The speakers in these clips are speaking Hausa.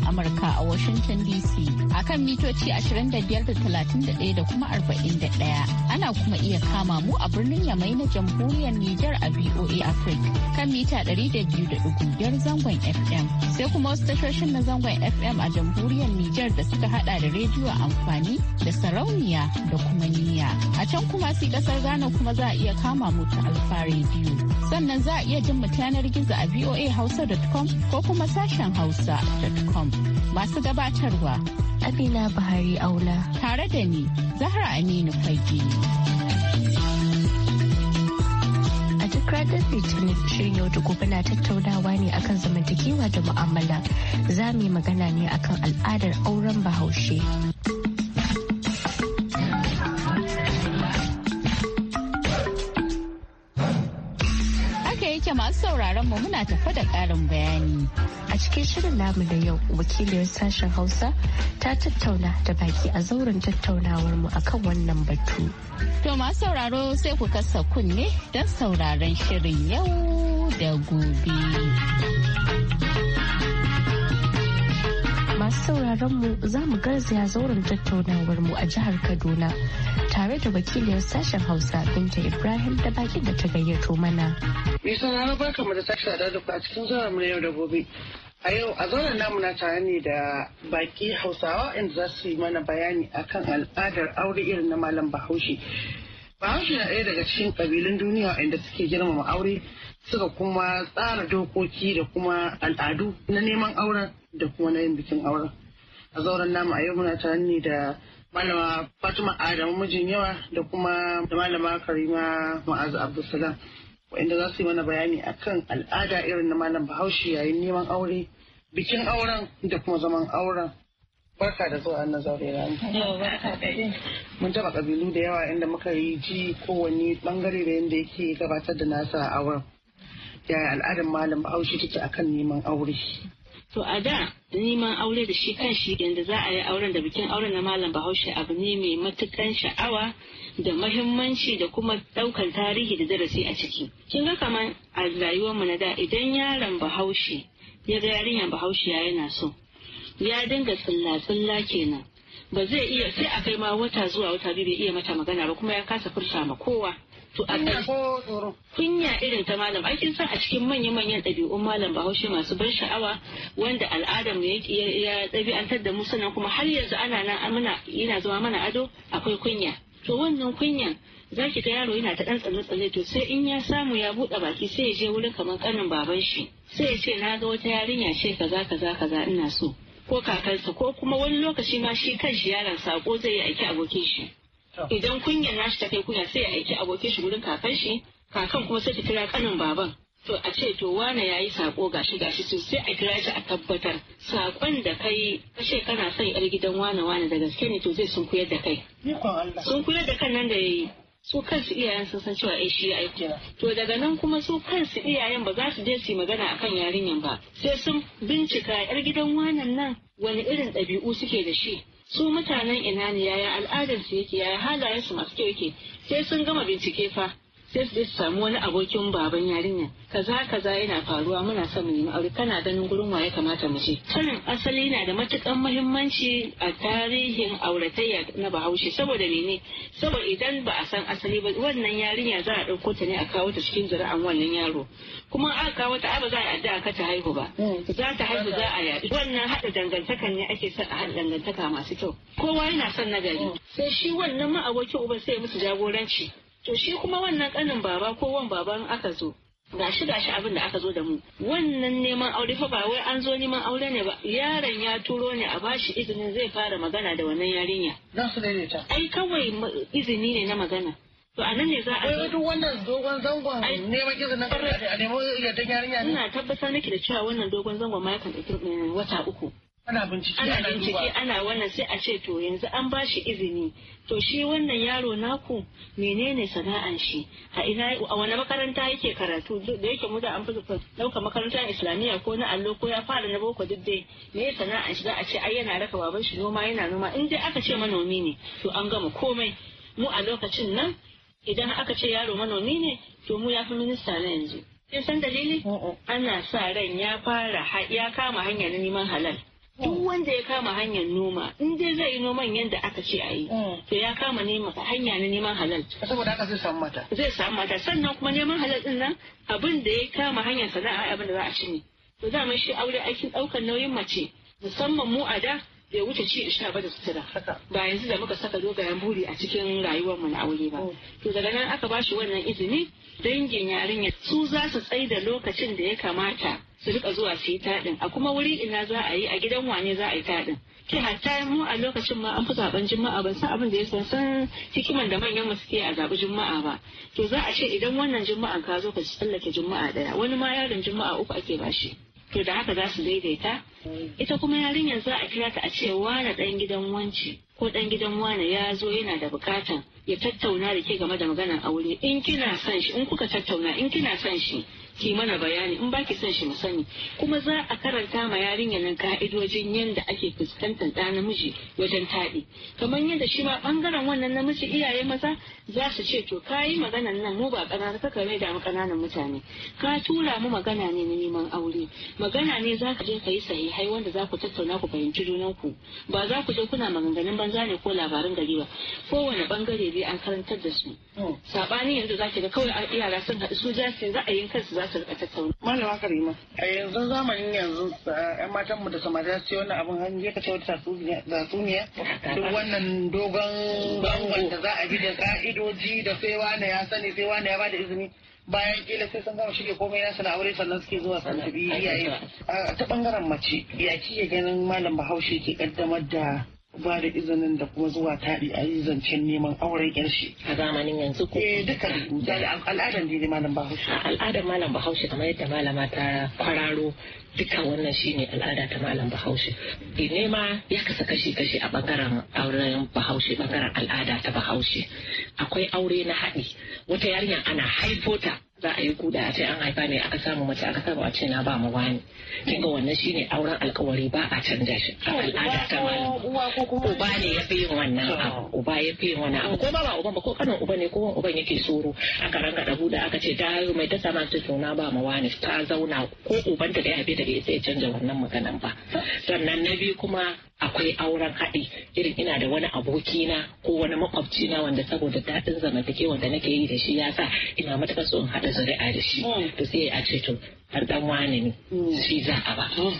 murya Amurka a Washington DC akan mitoci 25 da 31 da kuma 41. ana kuma iya kama mu a birnin Yamai na jamhuriyar Nijar a VOA Africa kan mita 200.5 zangon FM. Sai kuma wasu tashoshin na zangon FM a jamhuriyar Nijar da suka hada da rediyo amfani da sarauniya da kuma niya A can kuma sai kasar Ghana kuma za a iya kama mu ta Alfa Radio. Sannan za a iya jin mu yanar gizo a Hausa.com ko kuma sashen hausa.com. Masu gabatarwa Amina Buhari Aula. Tare da ni, Zahra Aminu Fage. A duk ranar Litinin shirin yau gobe na tattaunawa ne akan zamantakewa da mu'amala. Za mu yi magana ne akan al'adar auren bahaushe. masu sauraron mu muna tafa da ƙarin bayani. a cikin shirin namu da yau wakiliyar sashen hausa ta tattauna da baki a zauren tattaunawar mu akan wannan batu to masu sauraro sai ku kasa kunne don sauraron shirin yau da gobe masu sauraron mu za mu garzaya zauren tattaunawar mu a jihar Kaduna tare da wakiliyar sashen Hausa Binta Ibrahim da bakin da ta gayyato mana. Mai sanarwa mu da sashen sada da a cikin zuwa mu yau da gobe. A yau a zonar namu na tare ne da baki Hausawa inda za su yi mana bayani akan al'adar aure irin na Malam Bahaushe. Bahaushe na ɗaya daga cikin ƙabilun duniya inda suke girmama aure suka kuma tsara dokoki da kuma al'adu na neman auren da kuma na yin bikin auren. A zauren namu a yau muna tare ne da Malama Fatima Adamu mijin yawa da kuma da Malama Karima Ma'azu Abdulsalam. wanda za su yi mana bayani akan al'ada irin na malam bahaushe yayin neman aure bikin auren da kuma zaman auren barka da zuwa annan zaurera mun taba kabilu da yawa inda muka yi ji kowanne bangare da yadda yake gabatar da nasa a auren yaya al'adar malam bahaushe take akan neman aure To a da neman aure da shi kan shi yadda za a yi auren da bikin auren na Malam Bahaushe abu ne mai matukan sha'awa da mahimmanci da kuma ɗaukan tarihi da darasi a ciki. Kin ga kamar a rayuwar mu na da idan yaron Bahaushe ya ga yarinyar Bahaushe ya yana so. Ya dinga tsilla-tsilla kenan. Ba zai iya sai a kai ma wata zuwa wata biyu bai iya mata magana ba kuma ya kasa furta ma kowa. To a kunya irin ta malam aiki san a cikin manya-manyan ɗabi'un malam bahaushe masu ban sha'awa wanda al'adar mu ya ɗabi'antar da mu sannan kuma har yanzu ana nan amina yana zama mana ado akwai kunya. To wannan kunyan za ki ga yaro yana ta ɗan tsalle-tsalle to sai in ya samu ya buɗe baki sai ya je wurin kamar ƙanin baban shi sai ya ce na ga wata yarinya ce kaza kaza kaza ina so ko kakarsa ko kuma wani lokaci ma shi kan shi yaron sako zai yi aiki abokin shi. idan kunyar nashi ta kai kunya sai ya aiki abokin shi gurin kakan shi kakan kuma sai ta kira kanin baban to a ce to wane yi sako gashi gashi to sai a kira shi a tabbatar sakon da kai kashe kana son yar gidan wane wane da gaske ne to zai sun kuyar da kai sun kuyar da kan nan da yayi su kansu iyayen sun san cewa ai eh, shi ya aiki to daga nan kuma su kansu iyayen ba za su je su yi magana akan yarinyan ba sai sun bincika yar gidan wanan nan wani irin ɗabi'u suke da shi su mutanen ina ne yaya al'adarsu yake yaya halayensu masu kyau yake sai sun gama bincike fa sai su samu wani abokin baban yarinya kaza kaza yana faruwa muna son mu nemi aure kana ganin gurin waye kamata mu je sanin asali na da matukan muhimmanci a tarihin auratayya na bahaushe saboda mene saboda idan ba a san asali ba wannan yarinya za a ɗauko ta ne a kawo ta cikin zuri'an wannan yaro kuma a kawo ta ba za a addu'a ka ta haihu ba hmm. za ta haihu za a yaɗu wannan haɗa dangantakan ne ake son a haɗa dangantaka masu kyau kowa yana son nagari hmm. sai shi wannan ma abokin uban sai musu jagoranci to shi kuma wannan kanin baba ko wan baban aka zo gashi gashi abin da aka zo da mu wannan neman aure fa ba wai an zo neman aure ne ba yaron ya turo ne a bashi izinin zai fara magana da wannan yarinya dan su ne ta ai kawai izini ne na magana to anan ne za a yi duk wannan dogon zangon neman izinin aure a nemo yardan yarinya ne ina tabbatar nake da cewa wannan dogon zangon ma yakan ɗauki eh, wata uku ana bincike ana bincike ana wannan sai a ce to yanzu an ba shi izini to shi wannan yaro naku menene sana'an shi a ina a wani makaranta yake karatu da yake mu da an fuka dauka makaranta islamiyya ko na allo ko ya fara na boko duk dai me sana'an shi za a ce ai yana raka baban shi noma yana noma in dai aka ce manomi ne to an gama komai mu a lokacin nan idan aka ce yaro manomi ne to mu ya fi minista na yanzu kin san dalili ana sa ran ya fara ya kama hanyar neman halal duk wanda ya kama hanyar noma in dai zai yi noman yadda aka ce a yi mm. to ya kama nema hanya na neman halal saboda haka zai samu mata zai samu mata sannan kuma neman halal din nan abin da ya kama hanyar sana'a abin da za a ci ne to dama shi aure aikin ɗaukar nauyin mace musamman mu a da ya wuce ci sha ba da sutura ba yanzu da muka saka dogayen buri a cikin rayuwar mu na aure ba oh. to daga nan aka ba shi wannan izini dangin yarinya su za su tsaida lokacin da ya kamata su rika zuwa su yi taɗin a kuma wuri ina za a yi a gidan wane za a yi taɗin ke hatta mu a lokacin ma an fi zaben juma'a ban san abin da ya san san hikiman da manyan mu suke a zabi juma'a ba to za a ce idan wannan juma'an ka zo ka tsallake juma'a daya wani ma yaron juma'a uku ake ba shi to da haka za su daidaita ita kuma yarinyar za a kira ta a ce wane ɗan gidan wanci ko dan gidan wane ya zo yana da bukatan ya tattauna da ke game da maganar aure in kina son shi in kuka tattauna in kina son shi ki mana bayani in baki son shi mu sani kuma za a karanta ma yarinya nan ka'idojin yadda ake fuskantar ɗa namiji wajen taɗi kamar yadda shi ma ɓangaren wannan namiji iyaye maza za su ce to ka yi maganan nan mu ba ƙanana kaka mai damu ƙananan mutane ka tura mu magana ne na neman aure magana ne za ka je ka yi sahihai wanda za ku tattauna ku fahimci junan ku ba za ku je kuna maganganun banza ne ko labarin gari ba kowane ɓangare dai an karantar da su hmm. saɓani yanzu za ki ga kawai yara sun haɗu su za su ra'ayin kansu za za su rika tattauna. Malama Karima, a yanzu zamanin yanzu ƴan matan mu da samari su wani abin hange ka cewa tatsuniya. Duk wannan dogon bangon da za a bi da ka'idoji da sai wane ya sani sai wane ya bada izini. bayan kila sai sun gama shige komai nasu na aure sannan suke zuwa sannan biyu iyaye ta bangaren mace ya kike ganin malam bahaushe ke kaddamar da ba da izinin da kuma zuwa taɗi a yi zancen neman auren yar A zamanin yanzu ko? Eh duka da al'adar ne malam bahaushe. Al'adar malam bahaushe kamar yadda malama ta kwararo duka wannan shine al'ada ta malam bahaushe. Nema ya kasa kashi-kashi a bangaren auren bahaushe bangaren al'ada ta bahaushe. Akwai aure na haɗi wata yarinya ana haifota za a yi kuda a ce an haifa ne aka samu mace aka samu a ce na ba mu wani kin ga wannan shine auren alkawari ba a canja shi a al'ada ta malama uba ne ya fi yin wannan abu uba ya fi yin wannan abu ko ba ba uban ba ko kanin uban ne ko wani uban yake soro aka ranga da huda aka ce ta mai ta sama ta suna ba mu wani ta zauna ko ubanta da ya haife ta bai sai canja wannan maganan ba sannan na biyu kuma akwai auren haɗi irin ina da wani abokina ko wani makwabcina wanda saboda daɗin zamantakewa da nake yi da shi ya sa ina matuƙar so in haɗa zuri'a da shi hmm. to sai a ce to har dan wani ne hmm. shi za a ba su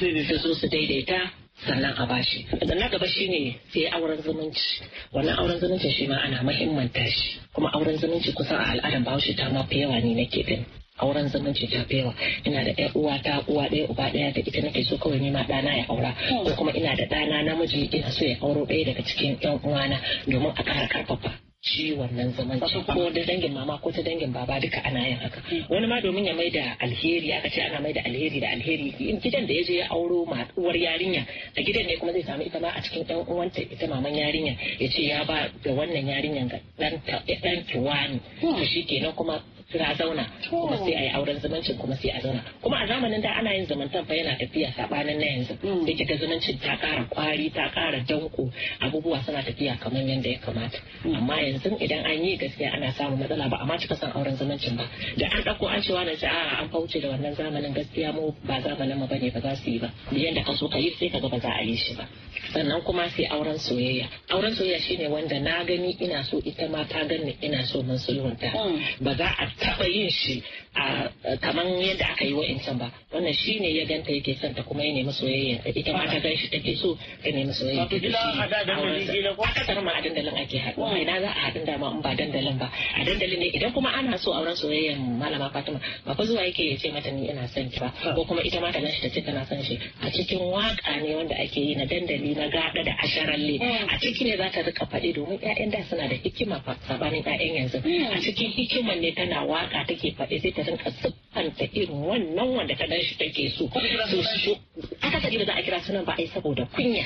zo su daidaita sannan a bashi daga na gaba shine sai auren zumunci wannan auren zumunci shi ma ana mahimmanta shi kuma auren zumunci kusan a al'adar bahaushe ta ma fi yawa ne nake gani auren zaman ta fi yawa ina da ƴar uwa ta uwa ɗaya uba ɗaya da ita nake so kawai nima ɗana ya aura ko kuma ina da ɗana namiji ina so ya auro ɗaya daga cikin ɗan uwana domin a ƙara karfafa shi wannan zaman ko da dangin mama ko ta dangin baba duka ana yin haka wani ma domin ya mai da alheri aka ce ana mai da alheri da alheri gidan da ya je ya auro uwar yarinya a gidan ne kuma zai samu ita ma a cikin ɗan uwanta ita maman yarinya ya ce ya ba da wannan yarinyan ga ɗan ki wani shi kenan kuma kira zauna kuma sai a yi auren zumuncin kuma sai a zauna kuma a zamanin da ana yin zumuntan fa yana tafiya sabanin na yanzu sai mm. zumuncin ta kara kwari ta kara danko abubuwa suna tafiya kamar yadda ya kamata mm. amma yanzu idan an yi gaskiya ana samun matsala ba amma cika san auren zumuncin ba da an dauko an cewa na ce a an fauce da wannan zamanin gaskiya mu ba zamanin mu bane ba za su yi ba yanda ka so ka yi sai kaga ba za a yi shi ba sannan kuma sai auren soyayya auren soyayya shine wanda na gani ina so ita ma ta gani ina so mun sulhunta mm. ba za a taɓa yin shi a kaman yadda aka yi wa'incan ba wannan shi ne ya ganta yake son ta kuma ya nemi soyayya ita ma ta gan shi take so ta nemi soyayya ta gila a da dandalin ma a dandalin ake haɗu. mai hmm. na za a haɗin dama in ba dandalin ba a dandalin ne idan kuma ana so auren soyayyan malama Fatima ba fa zuwa yake ya ce mata ni ina son ki ba hmm. ko kuma ita ma ta gan shi ta ce tana son shi a cikin waka ne wanda ake yi na dandali na gaɗa da asharalle hmm. a ciki ne za ta rika faɗi domin 'ya'yan da suna da hikima sabanin 'ya'yan yanzu a cikin hikiman ne tana waka take faɗi sai ta rinka kanta irin wannan wanda ta shi take so aka ba za a kira sunan ba yi saboda kunya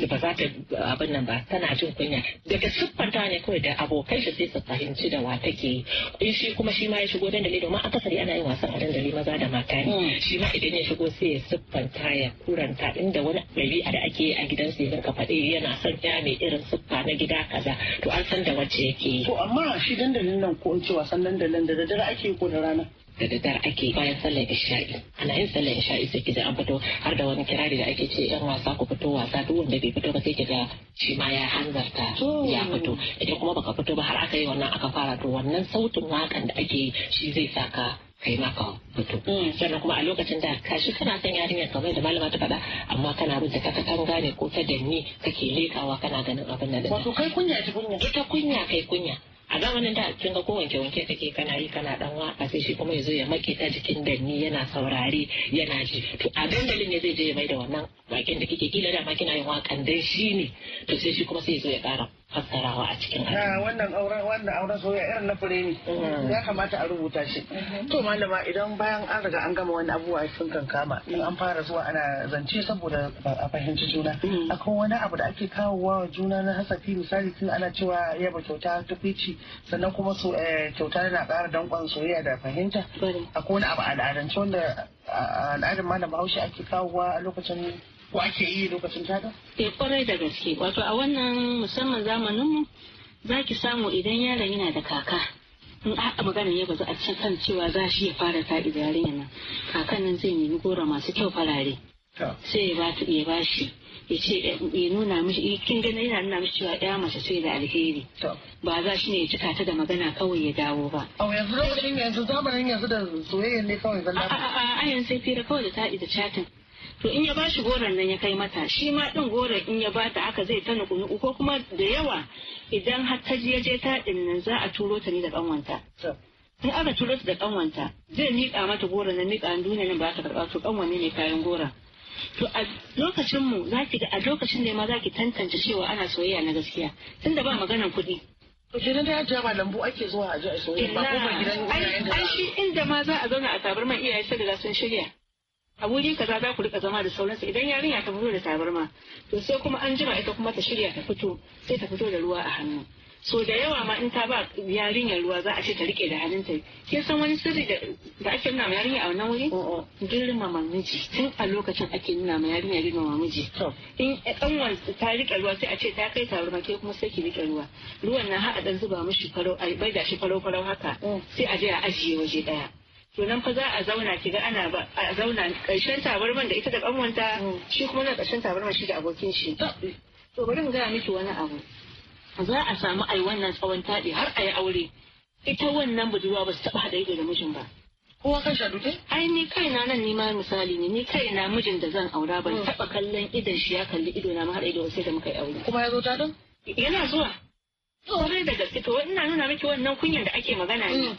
da ba za ta abin nan ba tana jin kunya daga siffanta ne kawai da abokai shi zai su fahimci da wa take in shi kuma shi ma ya shigo dandali domin akasari ana yin wasan a dandali maza da mata ne hmm. shi ma idan ya shigo sai ya siffanta ya kuranta inda wani a da ake yi a gidansa ya rinka faɗi yana son ya mai irin siffa na gida kaza to an san da wacce yake yi. to amma shi dandalin nan ko in ce wasan dandalin da daddare ake yi ko da rana. da daddare ake bayan sallar isha'i ana yin sallar isha'i sai kiga an fito har da wani kirari da ake ce yan wasa ku fito wasa duk wanda bai fito ba sai kiga shi ma ya hanzarta ya hmm. fito idan kuma baka fito ba har aka yi wannan aka fara to wannan sautin wakan da ake shi zai saka kai ma ka fito hmm. sannan kuma a lokacin da kashi kana san yarinyar kamar da malama ta faɗa amma kana rubuta ka kan gane ko ta danni kake lekawa kana ganin abin nan wato kai kunya ta kunya ta kunya kai kunya a zamanin da kin ga ko wanke wanke kake kana yi kana dan waka sai shi kuma yazo ya make ta jikin danni yana saurare yana ji to a dandalin ne zai je ya mai da wannan bakin da kike kila da ma kina yin wakan dan shi ne to sai shi kuma sai yazo ya kara fassarawa a cikin wannan auren wannan auren soyayya irin na fure ne mm. ya kamata a rubuta shi mm-hmm. to malama idan bayan an riga an gama wani abubuwa sun kankama in an fara zuwa ana zance saboda a fahimci juna mm. akwai wani abu da ake kawowa wa juna na hasafi misali tun ana cewa yaba kyauta ta fici sannan kuma eh, kyauta na ƙara danƙon soyayya da fahimta akwai wani abu al'adance wanda al'adar malam haushi ake kawowa a lokacin ko ake yi lokacin tada? Eh kwarai da gaske wato a wannan musamman zamaninmu za ki samu idan yaron yana da kaka in aka magana ya bazu a cikin kan cewa za shi ya fara ta yarinya nan kakan nan zai nemi gora masu kyau farare sai ya bata ya ba shi ya ce ya nuna mishi kin gani yana nuna mishi cewa ya mace sai da alheri ba za shi ne ya cika ta da magana kawai ya dawo ba a yanzu yanzu zamanin yanzu da soyayya ne kawai zalla a a a yanzu sai fira kawai da taɗi da chatin to in ya bashi goron nan ya kai mata shi ma din goron in ya bata haka zai ta nuku ko kuma da yawa idan har ta je je ta din nan za a turo ta ne da kanwanta in aka turo ta da kanwanta zai miƙa mata goron nan miƙa duniya nan ba ta karɓa to kanwa ne kayan gora to a lokacin mu za ki a lokacin da ma za ki tantance cewa ana soyayya na gaskiya tunda ba maganan kuɗi Kenan da ajiya ba lambu ake zuwa a ji a soyayya ba ko ba gidan iyayen Ai shi inda ma za a zauna a tabar man iyaye sai da sun shirya. a wuri kaza za ku rika zama da sauransa idan yarinya ta fito da tabarma to sai kuma an jima ita kuma ta shirya ta fito sai ta fito da ruwa a hannu so da yawa ma in ta ba yarinyar ruwa za a ce ta rike da hannunta ke san wani sirri da ake nuna ma yarinya a wannan wuri ma miji tun a lokacin ake nuna ma yarinya ma miji in kanwan ta rike ruwa sai a ce ta kai tabarma ke kuma sai ki rike ruwa ruwan na ha a dan zuba mishi farau a bai da shi farau farau haka mm. sai a je a ajiye waje ɗaya. to nan fa za a zauna kiga ana ba a zauna karshen tabarman da ita da kanwanta mm. shi kuma na karshen tabarman shi da abokin shi to bari mu ga miki wani abu za a samu ai wannan tsawon taɗi har a yi aure ita wannan budurwa ba su taɓa haɗa ido da mijin ba kowa kan shaɗu dai ai ni kaina nan ni ma misali ne ni kaina mijin da zan aura ban mm. taɓa kallon idon shi ya kalli ido na ma har ido sai da muka yi aure kuma ya zo ta don yana zuwa to da gaske to ina nuna miki wannan kunyan da ake magana ne mm.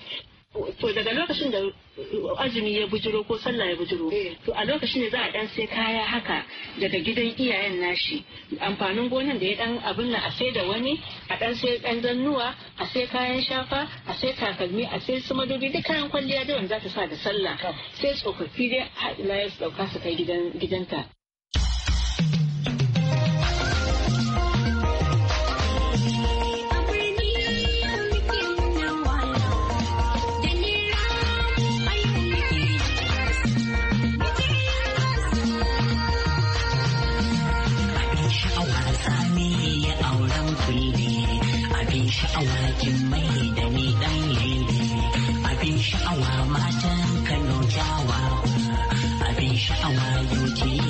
to daga lokacin da uh, azumi ya bujiro ko sallah ya bujiro eh. to a lokacin da za a dan sai kaya haka daga gidan iyayen nashi amfanin gonan da ya dan abin na a sai da wani a dan sai dan zannuwa a sai kayan shafa a sai takalmi a sai su madubi duk kayan kwalliya da wanda za ta sa da sallah sai tsofaffi dai la ya ɗauka su kai gidan gidanta sha'awa kin mai da ni dan lele abin sha'awa matan Kano kyawawa abin sha'awa yau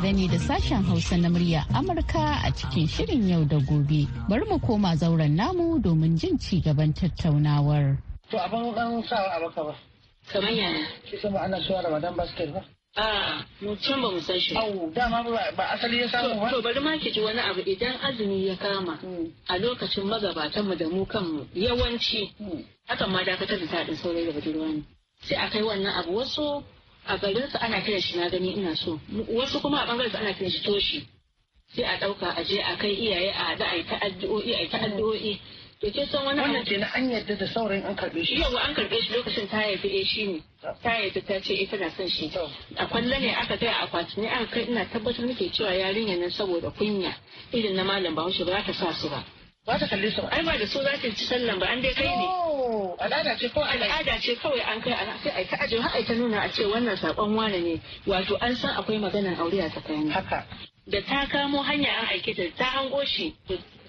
tare ne da sashen Hausa na murya Amurka a cikin shirin yau da gobe. Bari mu koma zauren namu domin jin ci gaban tattaunawar. To abin dan sawa a baka ba. Kamar yana. san ba ana cewa Ramadan basket ba. A mu can ba mu san shi. Au dama ba asali ya samu ba. To bari ma ki ji wani abu idan azumi ya kama hmm. a lokacin magabatan mu da mu kanmu yawanci hmm. hakan ma dakatar da taɗin saurayi da budurwa ne. Sai a kai wannan abu wasu a garin su ana kiran shi na gani ina so wasu kuma a bangaren su ana kiran shi toshi sai a ɗauka a je a kai iyaye a da ai ta addu'o'i ai ta addu'o'i to ke san wani wannan kenan an yadda da saurayin an karɓe shi yawa an karɓe shi lokacin ta haifi eh shi ne ta haifi ta ce ita na son shi a kwalla ne aka kai a akwati ne aka kai ina tabbatar muke cewa yarinya nan saboda kunya irin na malam bahaushe ba za ta sa su ba ba ta kalle su ai ba da su za ta ci sallan ba an dai kai ne to al'ada ce kawai al'ada ce kawai an kai ana sai aika aje har nuna a ce wannan sakon wane ne wato an san akwai maganar aure a tsakani haka da ta kamo hanya an aike ta ta hango shi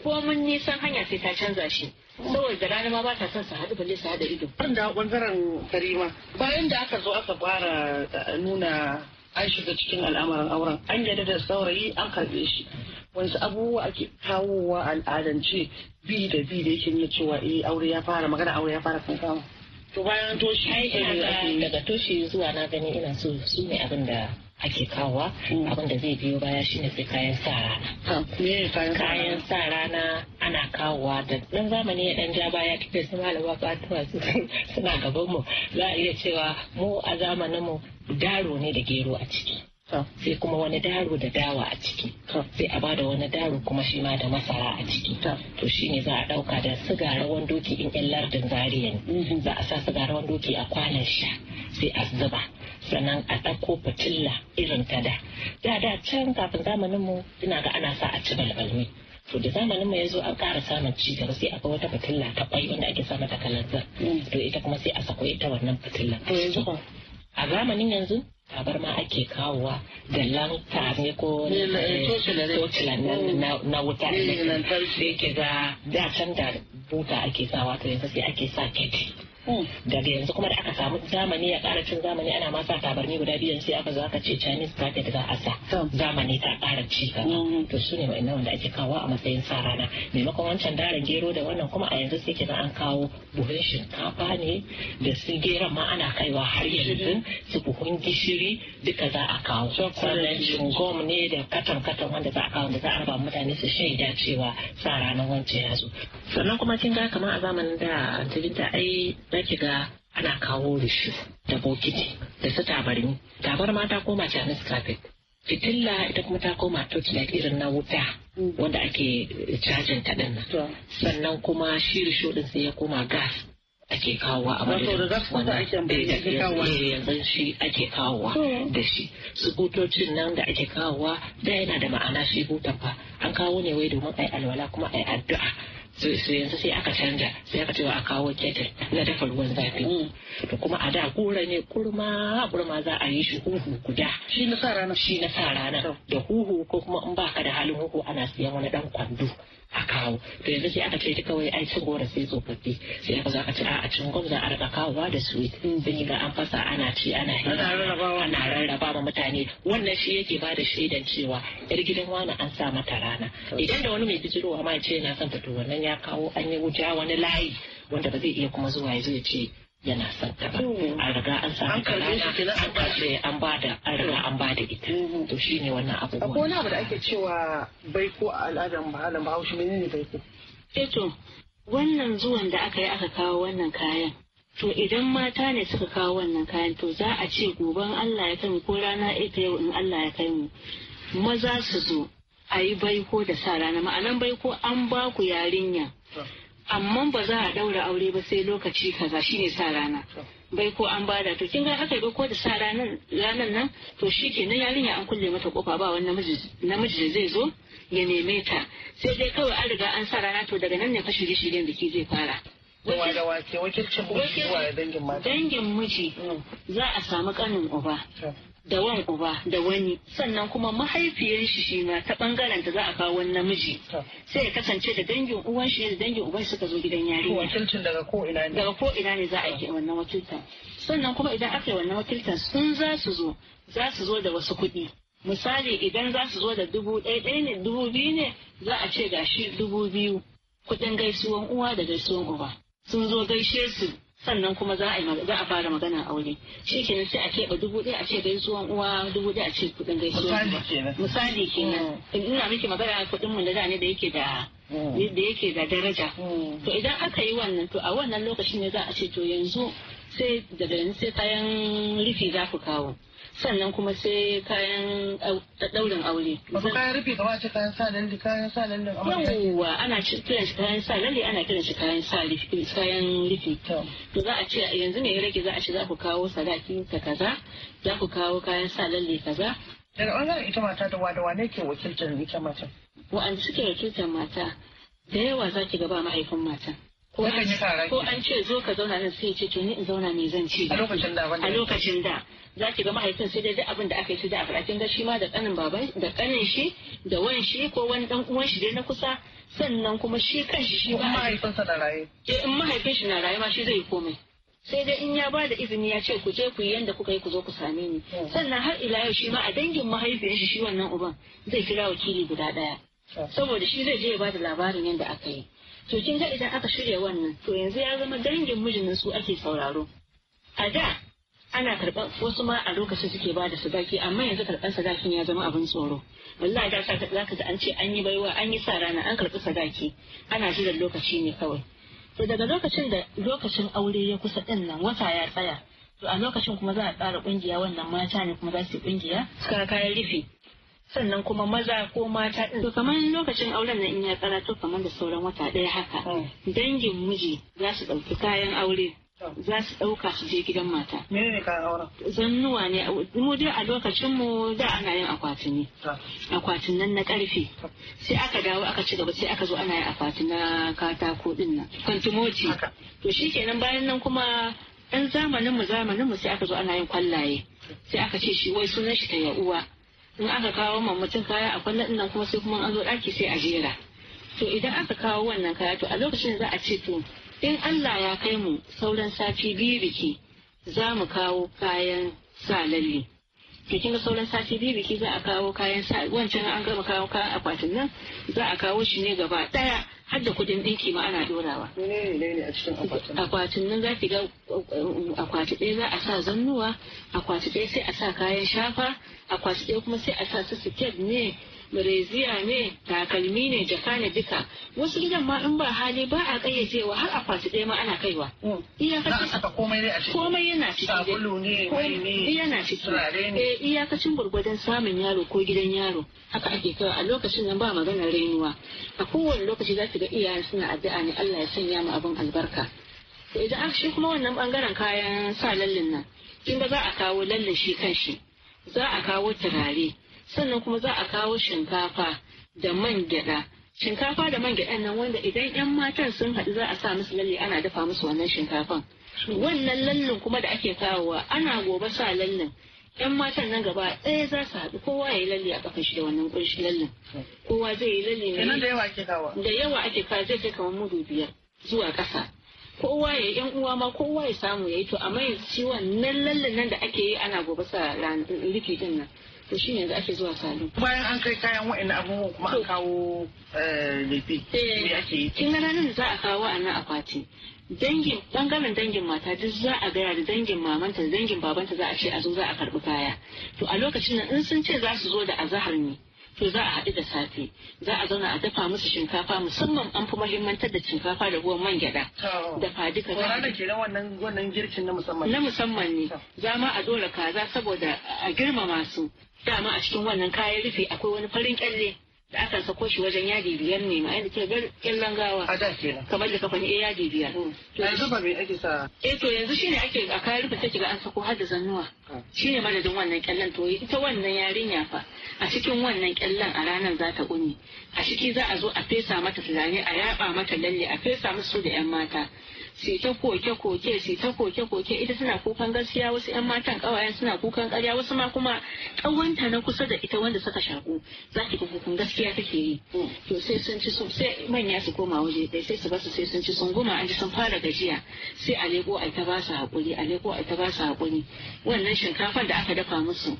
ko mun nisan hanya sai ta canza shi saboda rana ma ba ta son su haɗu balle su haɗa ido. Ban da ɓangaren Karima bayan da aka zo aka fara eh, nuna an shiga cikin al'amarin auren an yarda da saurayi an karɓe shi wasu abubuwa ake kawowa al'adance bi da bi da yake nuna cewa eh aure ya fara magana aure ya fara kankan to bayan toshi daga toshi zuwa na gani ina so su ne abin da ake kawowa mm. abin da zai biyo baya shine sai ah, kayan sa rana kayan sa rana ana kawowa da dan zamani ya dan ja baya tunda su malama fatuwa suna gaban mu za a iya cewa mu a zamanin mu daro ne da gero a ciki sai kuma wani daro da dawa a ciki sai a bada wani daro kuma shi ma da masara a ciki to shine za a dauka da siga rawan doki in yan lardin zariya ne mm-hmm. za a sa siga rawan doki a kwanan sha sai a zuba sannan a ɗauko fitilla irin ta da da da can kafin zamanin mu ina ga ana sa a ci balbalmi to da zamanin mu ya zo an ƙara samun ci gaba sai ga wata fitilla ta kwai wanda ake sa mata kalanzar mm. to ita kuma sai a sako ita wannan fitillan a zamanin yanzu ma ake kawowa gallan tare ko eh, na wuta da yake ga da can da buta ake sawa ta yanzu sai ake sa keti daga yanzu kuma da aka samu zamani ya ƙara cin zamani ana masa tabarni guda biyu sai aka zo aka ce Chinese carpet za a sa zamani ta ƙara ci gaba mm-hmm. to su ne wa'annan wanda ake kawo a matsayin sa rana maimakon wancan daren gero da wannan kuma a yanzu sai kiga an kawo buhun shinkafa ne da su geron ma ana kaiwa har yanzu mm-hmm. su buhun gishiri duka za a kawo sannan shingom ne da katon katon wanda za a kawo da za a raba mutane su shaida cewa sa ranar wancan ya zo sannan kuma kin ga kamar a zamanin da ta ai za ga ana kawo rishu da bokiti da su tabar ma ta koma chinese carpet fitilla ita kuma ta koma da irin na wuta wanda ake cajin ta din sannan kuma shi risho din sai ya koma gas ake kawowa a madadin eh, eh, yanzu shi ake kawowa da shi su butocin nan da ake kawowa da yana da ma'ana shi butan fa an kawo ne wai domin ai alwala kuma ai addu'a sai yanzu sai aka canja sai aka cewa a kawo ketil na dafa ruwan zafi mm. to kuma a da kura ne kurma kurma za a yi shi huhu guda shi na sa rana shi na sa rana da huhu ko kuma in baka da halin huhu ana siyan wani dan kwando a kawo to yanzu sai aka ce ta kawai ai cin gora sai tsofaffi sai aka zo a cin gwamza a rika kawowa da su mm. ga an fasa ana ci ana rarrabawa ana rarraba wa mutane wannan shi yake ba da shaidan cewa yar gidan wani an sa mata rana idan da wani mai bijirowa ma ce yana son ta to wannan ya kawo an yi wuce wani layi wanda ba zai iya kuma zuwa ya zai ce yana son ba hmm. an riga an samu kalana an karbe an bada an riga an bada ita hmm. to shi ne wannan abubuwa. akwai wani abu da ake cewa baiko a al'adar malam ne menene baiko eh to wannan zuwan da aka yi aka kawo wannan kayan to idan mata ne suka kawo wannan kayan to za a ce goban Allah ya kai mu ko rana ita yau in Allah ya kai mu maza su zo a yi baiko da sa rana ma'anan baiko an ba ku yarinya amma ba za a ɗaura aure ba sai lokaci kaza shine sa rana bai ko an bada to kin ga aka ko da sa ranar nan to shi na yarinya an kulle mata kofa ba wani namiji da zai zo ya neme ta sai dai kawai an riga an sa rana to daga nan ne fa shirye-shiryen biki zai fara wakilcin dangin miji za a samu kanin uba da wan uba da wani sannan kuma mahaifiyar shi shi ma ta bangaren ta za a kawo wani namiji sai ya kasance da dangin uwan shi da dangin uban suka zo gidan yarinya wakilcin daga ko ina ne daga ko ina ne za a yi wannan wakiltan sannan kuma idan aka yi wannan wakiltan sun za su zo za su zo da wasu kuɗi misali idan za su zo da dubu ɗaya ɗaya ne dubu biyu ne za a ce gashi dubu biyu kuɗin gaisuwan uwa da gaisuwan uba sun zo gaishe su sannan kuma za a yi za a fara magana aure shikenan sai a keɓe dubu ɗaya a ce zuwan uwa dubu ɗaya a ce kuɗin gaisuwan misali kenan mm. ina miki magana kuɗin mu da da ne da yake da mm. da yake da daraja mm. to idan aka yi wannan to a wannan lokacin ne za a ce to yanzu sai daga yanzu sai kayan rufi za ku kawo sannan kuma sai kayan daurin aure. Wato kayan rufe kamar ce kayan sa lalle kayan sa lalle Yau Yawwa ana kiran shi kayan sa lalle ana kiran shi kayan sa kayan rufe. To za a ce yanzu ne rage za a ce za ku kawo sadaki ta kaza za ku kawo kayan sa lalle kaza. Daga ɓangaren ita mata da wa da wa ne ke wakiltar ita mata. Wa'anda suke wakiltar mata da yawa za ki gaba mahaifin matan. ko an ce zo ka zauna nan sai ce to ni in zauna ne zan ci a lokacin da a lokacin da za ki ga mahaifin sai dai abin da aka yi sai da aka kin ga shi ma da kanin baban da kanin shi da wan shi ko wani dan uwan shi dai na kusa sannan kuma shi kanshi shi ma mahaifinsa na raye eh, in mahaifin shi na raye ma shi zai yi komai sai dai in ya ba da izini ya ce ku je ku yi yanda kuka yi ku zo ku same ni hmm. sannan har ila yau shi ma a dangin mahaifiyar shi shi wannan uban zai kira wakili guda daya hmm. saboda shi zai je ya ba da labarin yanda aka yi to kin ga idan aka shirya wannan to yanzu ya zama dangin mijinin su ake sauraro a da ana karɓar wasu ma a lokacin suke ba da sadaki amma yanzu karɓar sadakin ya zama abin tsoro wallahi da za ka an ce an yi baiwa an yi sa rana an karɓi sadaki ana jiran lokaci ne kawai to daga lokacin da lokacin aure ya kusa ɗinnan nan wata ya tsaya to a lokacin kuma za a tsara ƙungiya wannan mata ne kuma za su yi ƙungiya suka kayan rufi sannan kuma maza ko mata ɗin. To kamar lokacin auren na in ya tsara to kamar da sauran wata ɗaya haka. Hmm. Dangin miji za su ɗauki kayan aure. Za su ɗauka su je gidan mata. Mene ne kayan auren? Zannuwa ne, mu dai a lokacin mu da ana yin akwatin ne. Hmm. Akwatin nan na ƙarfe. Sai aka dawo aka ci gaba sai aka zo ana yin akwatin na katako ɗin nan. Kwantumoti. To shi kenan bayan nan kuma ɗan zamanin mu zamanin mu sai aka zo ana yin kwallaye. Sai aka ce shi wai sunan shi ta ya uwa. in aka kawo ma mutum kaya a kwallon nan kuma sai kuma an zo ɗaki sai a jera to idan aka kawo wannan kaya to a lokacin za a ce to in Allah ya kai mu sauran sati biyu biki za mu kawo kayan sa lalle to sauran sati biyu biki za a kawo kayan sa wancan an gama kawo kayan akwatin nan za a kawo shi ne gaba ɗaya har da kudin dinki ma ana dorawa. Akwatin nan za ki ga akwati ɗaya za a sa zannuwa, akwati ɗaya sai a sa kayan shafa, akwati ɗaya kuma sai a sa su ne bireziya ne takalmi ne jaka ne duka wasu gidan ma in ba hali ba a kayyacewa har a kwasi ɗaya ma ana kaiwa mm. iyakacin komai dai a ciki yana ciki sabulu ne mai ne yana ciki eh, iyakacin gwargwadon samun yaro ko gidan yaro haka ake kawai a lokacin nan ba maganar rainuwa a kowane lokaci za ki ga iyayen suna addu'a ne Allah ya sanya mu abin albarka to idan an shi kuma wannan bangaren kayan sa lallin nan kin ba za a kawo lallin shi kan shi za a kawo turare sannan kuma za a kawo shinkafa da man gyaɗa shinkafa da man gyaɗan nan wanda idan 'yan matan sun haɗu za a sa musu lalle ana dafa musu wannan shinkafan wannan lallin kuma da ake kawowa ana gobe sa lallin 'yan matan nan gaba ɗaya za su haɗu kowa ya yi lalle a kafin shi da wannan ƙunshi lallin kowa zai yi lalle ne da yawa ake kawo da yawa ake kawo zai kai kamar mudu biyar zuwa ƙasa kowa ya yan uwa ma kowa ya samu ya yi to amma yanzu shi wannan lallin nan da ake yi ana gobe sa rikicin nan to shi ne ake zuwa salon. Bayan an kai kayan wa'in abubuwan kuma an kawo eh, lefe. Eh, me ake yi? Kin ga ranar za a kawo a nan akwati. Dangin bangaren dangin mata duk za a gaya da dangin mamanta da dangin babanta za a ce a zo za a karɓi kaya. To a lokacin nan in sun ce za su zo da azahar ne. to za a haɗu da safe za a zauna a dafa musu shinkafa musamman an fi mahimmantar da shinkafa da ruwan man gyaɗa da fadika za da kenan wannan wannan girkin na musamman na musamman ne za ma a dora kaza saboda a girmama su dama a cikin wannan kayan rufe akwai wani farin kyalle da aka sako shi wajen yadi biyar ne ma yadda ke kyallan gawa a da kenan kamar da kafa eh yadi biyar mm. yanzu ba me ake sa eh to yanzu shine ake a kayan rufe take ga an sako har da zannuwa ah. shine madadin wannan kyallan to ita wannan yarinya fa a cikin wannan kyallan a ranar za ta kunni a ciki za a zo a fesa mata tunani a yaba mata lalle a fesa musu da yan mata su ta koke koke su ta koke koke ita suna kukan gaskiya wasu yan matan kawayen suna kukan karya wasu ma kuma kawanta na kusa da ita wanda suka shaku za ki kukan gaskiya take yi to sai sun ci sun sai manya su koma waje dai sai su basu sai sun ci sun goma an ji sun fara gajiya sai a leko a ta ba su haƙuri a leko a ta ba su haƙuri wannan shinkafar da aka dafa musu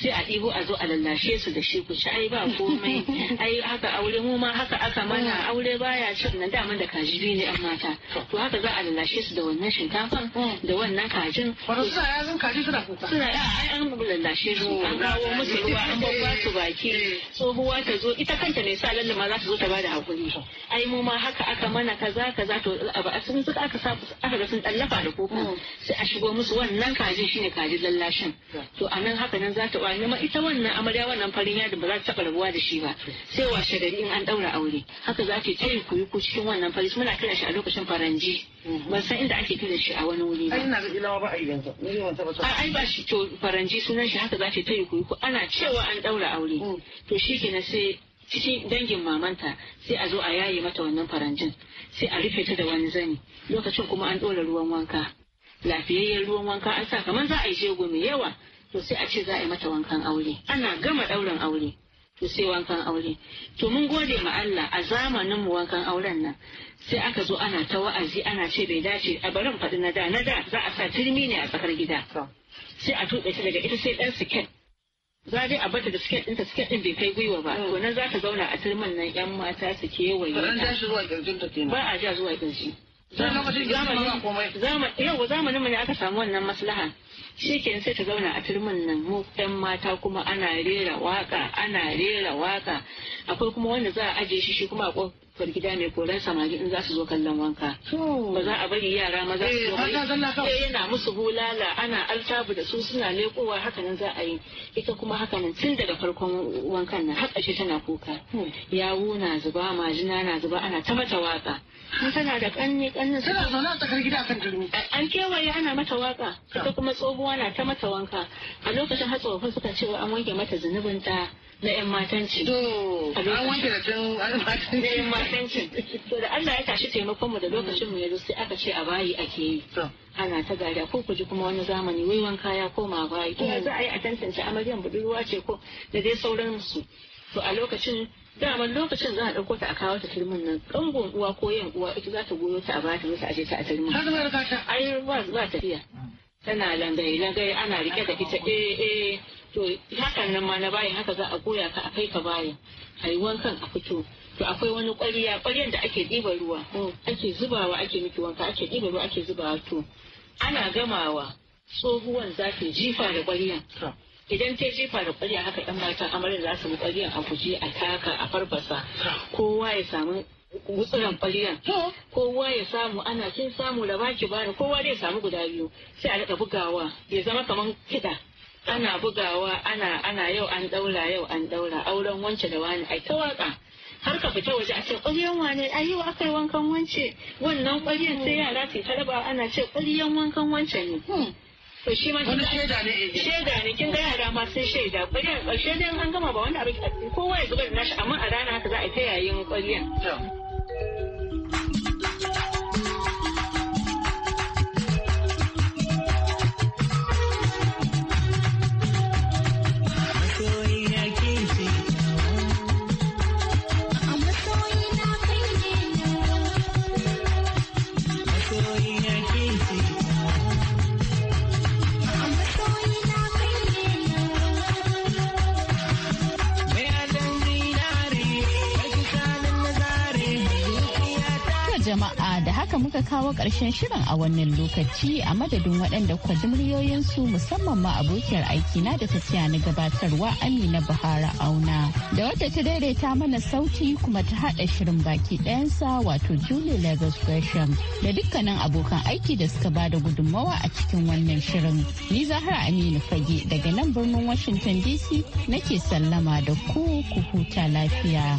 sai a ɗibo a zo a lallashe su da shi ku ci ai ba komai ai haka aure mu ma haka aka mana aure baya cin nan daman da kaji biyu ne an mata to haka za a lallashe su da wannan shinkafan da wannan kajin suna yazin kaji suna kuka suna ya ai an lallashe su an kawo musu ruwa an babba su baki tsohuwa ta zo ita kanta mai sa lallama za ta zo ta bada hakuri ai mu ma haka aka mana kaza kaza to a sun suka aka sa aka ga sun tallafa da koko hmm. sai a shigo musu wannan kajin shine kajin lallashin to anan haka nan za ta cewa nima ita wannan amarya wannan farin yadin ba za ta taɓa rabuwa da shi ba sai washe gari in an ɗaura aure haka za ta yi ku cikin wannan farin muna kira shi a lokacin faranji ban san inda ake kira shi a wani wuri ba. ina da ilawa ba a idan sa. Ai ba shi to faranji sunan shi haka za ta yi ku ana cewa an ɗaura aure. Mm. To shi kenan sai cikin dangin mamanta sai a zo a yaye mata wannan faranjin sai a rufe ta da wani zani lokacin kuma an ɗora ruwan wanka lafiyayyen ruwan wanka an sa kamar za a yi jego mai yawa to sai a ce za a yi mata wankan aure ana gama ɗaurin aure to sai wankan aure to mun gode ma Allah a zamanin mu wankan auren nan sai aka zo ana ta wa'azi ana ce bai dace a barin faɗi na da na da za a sa turmi ne a tsakar gida sai a tuɓe shi daga ita sai ɗan siket za dai a bata da siket ɗinta siket ɗin bai kai gwiwa ba to nan za ta zauna a turmin nan yan mata su kewaye ba a ja zuwa ƙirjin yau zamanin mu ne aka samu wannan maslaha shi ke sai ta zauna a turmin nan mu yan mata kuma ana rera waka ana rera waka akwai kuma wanda za a ajiye shi shi kuma a gida mai koran samari in za su zo kallon wanka. Ba za a bari yara maza su eh, zo eh, yana musu hulala ana altabu da su suna lekowa hakanan za a yi ita kuma hakanan tun daga farkon wankan nan har ƙarshe tana kuka. Hmm. Yawu na zuba majina na zuba ana ta mata waka. In tana da ƙanne ƙanne. Tana zaune a tsakar gida kan turmi. An kewaye ana mata waka ita kuma tsohuwa na ta mata wanka a lokacin hatsofa suka cewa an wanke mata zunubin ta na 'yan matanci. an wanke da 'yan matanci. fencin to da Allah ya tashi taimakon mu da lokacin mu ya sai aka ce a bayi ake yi ana ta gari ko ku ji kuma wani zamani wai wanka ya koma bayi to za a yi a tantance amaryan budurwa ce ko da dai sauransu to a lokacin daman lokacin za a ɗauko ta a kawo ta turmin nan ƙangon uwa ko yan uwa ita za ta goyo ta a bata mata aje ta a turmin har ma ka ta ai ba tafiya tana langai langai ana rike da ita eh eh to hakan nan ma na bayan haka za a goya ka a kai ka bayan ai wankan a fito to akwai wani ƙwarya ƙwaryan da ake ɗiba ruwa ake zubawa ake miki wanka ake ɗiba ruwa ake zubawa to ana gamawa tsohuwan za ta jifa da ƙwaryan idan ta jifa da kwarya haka ɗan matan amarya za su bi kwaryan a guje a taka a farfasa kowa ya samu gutsuran kwaryan kowa ya samu ana kin samu da baki bani kowa zai samu guda biyu sai a rika bugawa ya zama kamar kiɗa ana bugawa ana ana yau an daura yau an daura auren wance da wani ai ta waka har ka fita waje a ce ƙwaryan wane a yau aka yi wankan wance wannan ƙwaryan sai yara su ta raba ana ce ƙwaryan wankan wance ne. Hmm. To wani shaida ne eh? shaida ne kin ga yara ma sun shaida ƙwaryan ƙarshe dai an gama ba wanda abu kowa ya zubar nashi amma a rana haka za a ta yayin ƙwaryan. haka muka kawo ƙarshen shirin a wannan lokaci a madadin waɗanda kwa muryoyinsu musamman ma abokiyar aikina da ta na gabatarwa Amina Bahara Auna. Da wata ta daidaita mana sauti kuma ta haɗa shirin baki ɗayansa wato Julie Lagos version da dukkanin abokan aiki da suka ba da gudunmawa a cikin wannan shirin. Ni Zahra Aminu Fage daga nan birnin Washington DC nake sallama da ku ku huta lafiya.